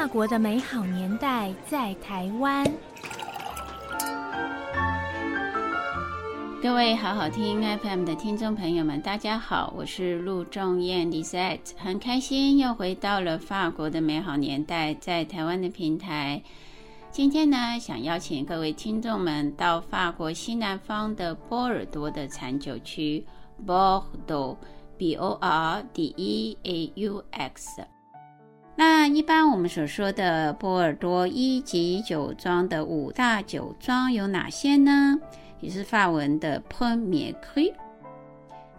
法國的美好年代在台灣，各位好好聽 FM 的聽眾朋友們，大家好，我是陸仲燕 l i z e t t，很開心又回到了法國的美好年代在台灣的平台。今天呢，想邀請各位聽眾們到法國西南方的波爾多的產酒區 b o r d e b o r d e a u x 那一般我們所說的波爾多一級酒莊的五大酒莊有哪些呢？也是法文的 Premier Cru。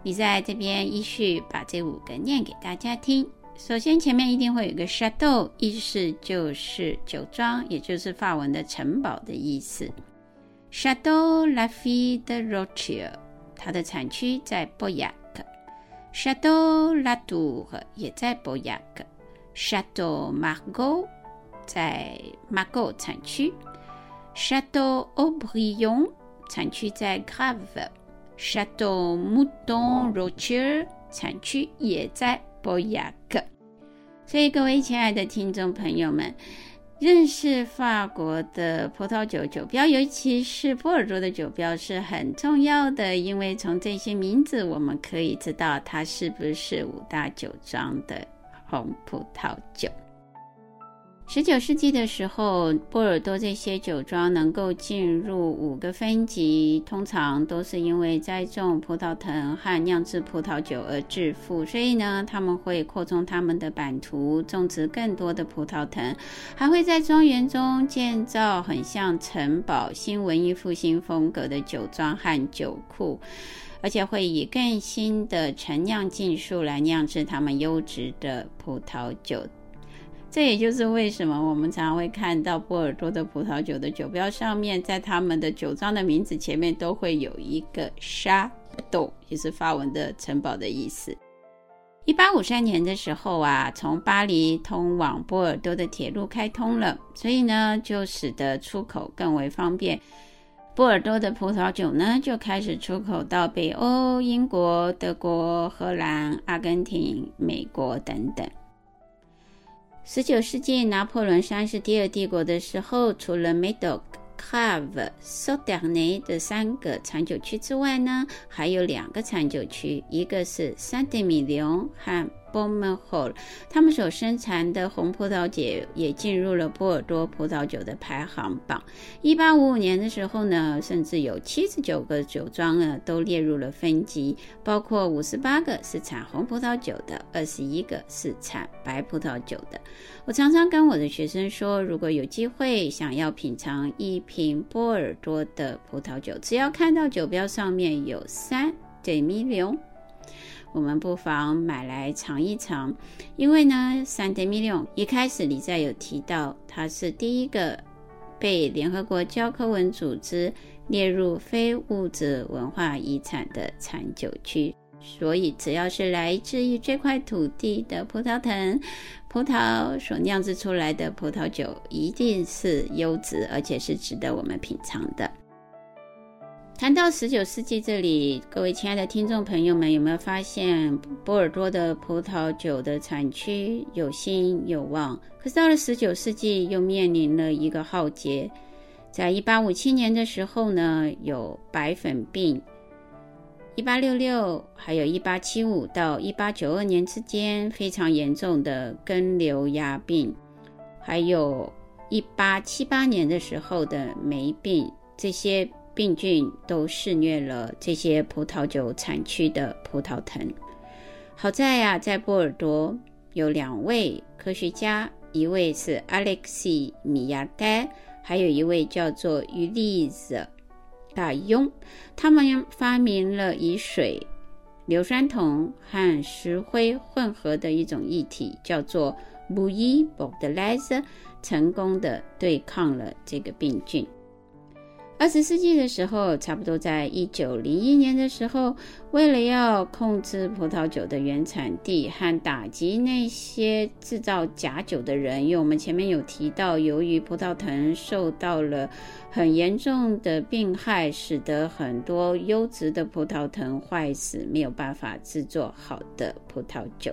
你在這邊依序把這五個念給大家聽。首先，前面一定會有一個 Château，意思就是酒莊，也就是法文的“城堡”的意思。Château Lafite Rothschild，它的產區在波雅克；Château Latour 也在波雅克。Château Margaux 在 Margaux 產區。Château Haut-Brion 產區在 Graves。Château Mouton Rothschild 產區也在 Pauillac。所以各位親愛的聽眾朋友們，認識法國的葡萄酒酒標，尤其是波爾多的酒標，是很重要的，因為從這些名字我們可以知道它是不是五大酒莊的紅葡萄酒。十九世紀的時候，波爾多這些酒莊能夠進入五個分級，通常都是因為栽種葡萄藤和釀製葡萄酒而致富。所以呢，他們會擴充他們的版圖，種植更多的葡萄藤，還會在莊園中建造很像城堡、新文藝復興風格的酒莊和酒庫。而且會以更新的陳釀技術來釀製他們優質的葡萄酒，這也就是為什麼我們常常會看到波爾多的葡萄酒的酒標上面，在他們的酒莊的名字前面都會有一個 Château，也是法文的城堡的意思。一八五三年的時候啊，從巴黎通往波爾多的鐵路開通了，所以呢，就使得出口更為方便。波爾多的葡萄酒呢，就開始出口到北歐、英國、德國、荷蘭、阿根廷、美國等等。十九世紀，拿破崙三世第二帝國的時候，除了 Medoc、Cave、Sauternes 三個產酒區之外呢，還有兩個產酒區，一個是 Saint-Emilion 和波美侯，他們所生產的紅葡萄酒也進入了波爾多葡萄酒的排行榜。一八五五年的時候呢，甚至有七十九個酒莊呢，都列入了分級，包括五十八個是產紅葡萄酒的，二十一個是產白葡萄酒的。我常常跟我的學生說，如果有機會想要品嘗一瓶波爾多的葡萄酒，只要看到酒標上面有聖愛美濃 Saint-Émilion。我們不妨買來嚐一嚐，因為呢，Saint-Émilion 一開始李在有提到，它是第一個被聯合國教科文組織列入非物質文化遺產的產酒區，所以只要是來自於這塊土地的葡萄藤，葡萄所釀制出來的葡萄酒，一定是優質，而且是值得我們品嚐的。談到十九世紀這裡，各位親愛的聽眾朋友們，有沒有發現波爾多的葡萄酒的產區有興有旺？可是到了十九世紀，又面臨了一個浩劫。在一八五七年的時候呢，有白粉病；一八六六，還有一八七五到一八九二年之間，非常嚴重的根瘤蚜病；還有一八七八年的時候的霉病，這些。病菌都肆虐了這些葡萄酒產區的葡萄藤。好在呀、啊，在波爾多有兩位科學家，一位是 Alexis Millardet，還有一位叫做 Ulysse Gayon，他們發明了以水、硫酸銅和石灰混合的一種液體，叫做 bouillie bordelaise，成功地對抗了這個病菌。二十世紀的時候，差不多在一九零一年的時候，為了要控制葡萄酒的原產地和打擊那些製造假酒的人，因為我們前面有提到，由於葡萄藤受到了很嚴重的病害，使得很多優質的葡萄藤壞死，沒有辦法制作好的葡萄酒。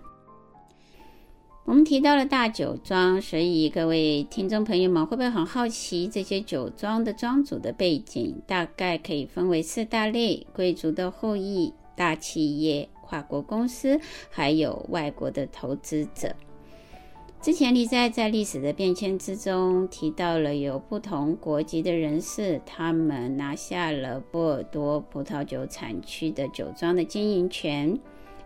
我們提到了大酒莊，所以各位聽眾朋友們會不會很好奇這些酒莊的莊主的背景？大概可以分為四大類：貴族的後裔、大企業、跨國公司，還有外國的投資者。之前立在在歷史的變遷之中提到了有不同國籍的人士，他們拿下了波爾多葡萄酒產區的酒莊的經營權。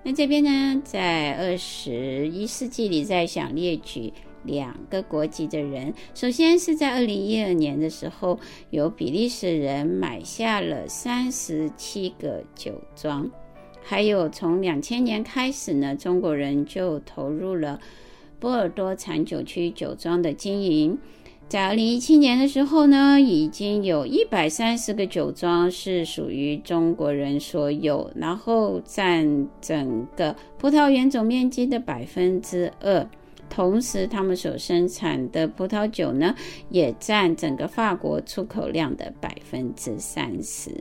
那這邊呢，在二十一世紀裡，在想列舉兩個國籍的人。首先是在二零一二年的時候，有比利時人買下了三十七個酒莊，還有從兩千年開始呢，中國人就投入了波爾多產酒區酒莊的經營。在二零一七年的時候呢，已經有一百三十個酒莊是屬於中國人所有，然後占整個葡萄園總面積的百分之二。同時，他們所生產的葡萄酒呢，也占整個法國出口量的百分之三十。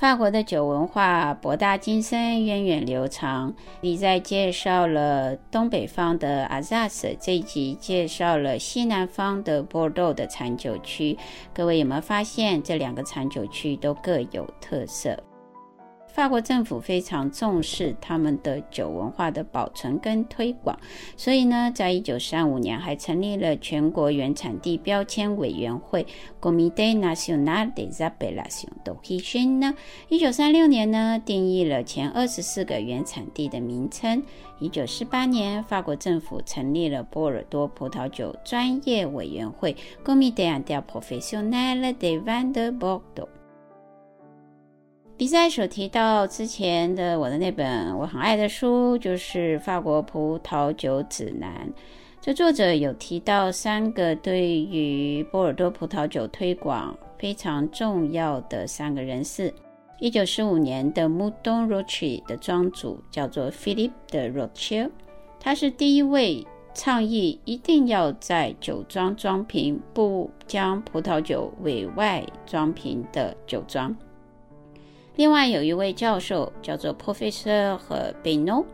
法國的酒文化博大精深、源遠流長。你在介紹了東北方的阿薩斯，這一集介紹了西南方的波爾多的產酒區。各位有沒有發現，這兩個產酒區都各有特色？法國政府非常重視他們的酒文化的保存跟推廣，所以呢，在一九三五年還成立了全國原產地標籤委員會 Comité National des Appellations d'Origine 呢，一九三六年呢，定義了前二十四個原產地的名稱。一九四八年，法國政府成立了波爾多葡萄酒專業委員會 Comité des Professionnels des Vins de Bordeaux 比賽所提到之前的我的那本我很愛的書，就是《法國葡萄酒指南》。這作者有提到三個對於波爾多葡萄酒推廣非常重要的三個人士：一九四五年的木東羅契的莊主叫做 Philippe de Rocher，他是第一位倡議一定要在酒莊裝瓶，不將葡萄酒委外裝瓶的酒莊。另外有一位教授叫做 Professor 和 Beno，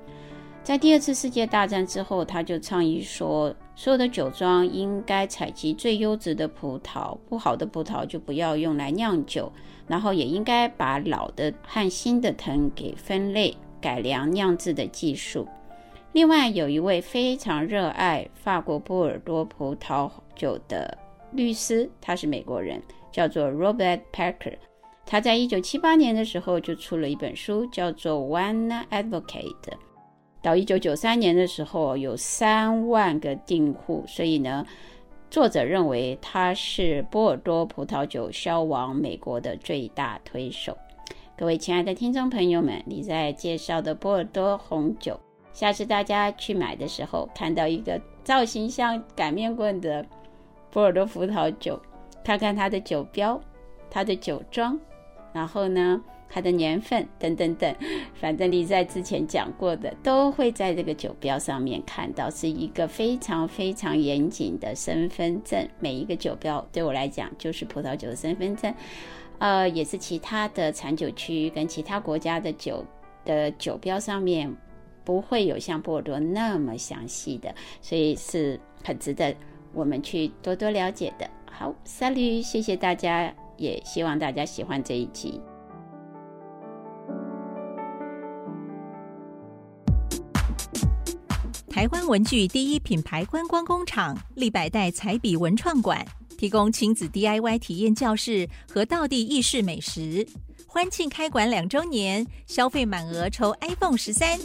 在第二次世界大戰之後，他就倡議說，所有的酒莊應該採集最優質的葡萄，不好的葡萄就不要用來釀酒，然後也應該把老的和新的藤給分類，改良釀制的技術。另外有一位非常熱愛法國波爾多葡萄酒的律師，他是美國人，叫做 Robert Parker。他在一九七八年的時候就出了一本書，叫做《Wine Advocate》。到一九九三年的時候，有三萬個訂戶，所以呢，作者認為他是波爾多葡萄酒銷往美國的最大推手。各位親愛的聽眾朋友們，你在介紹的波爾多紅酒，下次大家去買的時候，看到一個造型像擀麵棍的波爾多葡萄酒，看看它的酒標，它的酒莊。然後呢，它的年份等等等，反正你在之前講過的，都會在這個酒標上面看到，是一個非常非常嚴謹的身份證。每一個酒標對我來講就是葡萄酒的身份證，呃，也是其他的產酒區跟其他國家的酒的酒標上面不會有像波爾多那麼詳細的，所以是很值得我們去多多了解的。好，Salut，謝謝大家。也希望大家喜歡這一期。台灣文具第一品牌觀光工廠利百代彩筆文創館，提供親子 DIY 體驗教室和道地意式美食，歡慶開館兩周年，消費滿額抽 iPhone 十三。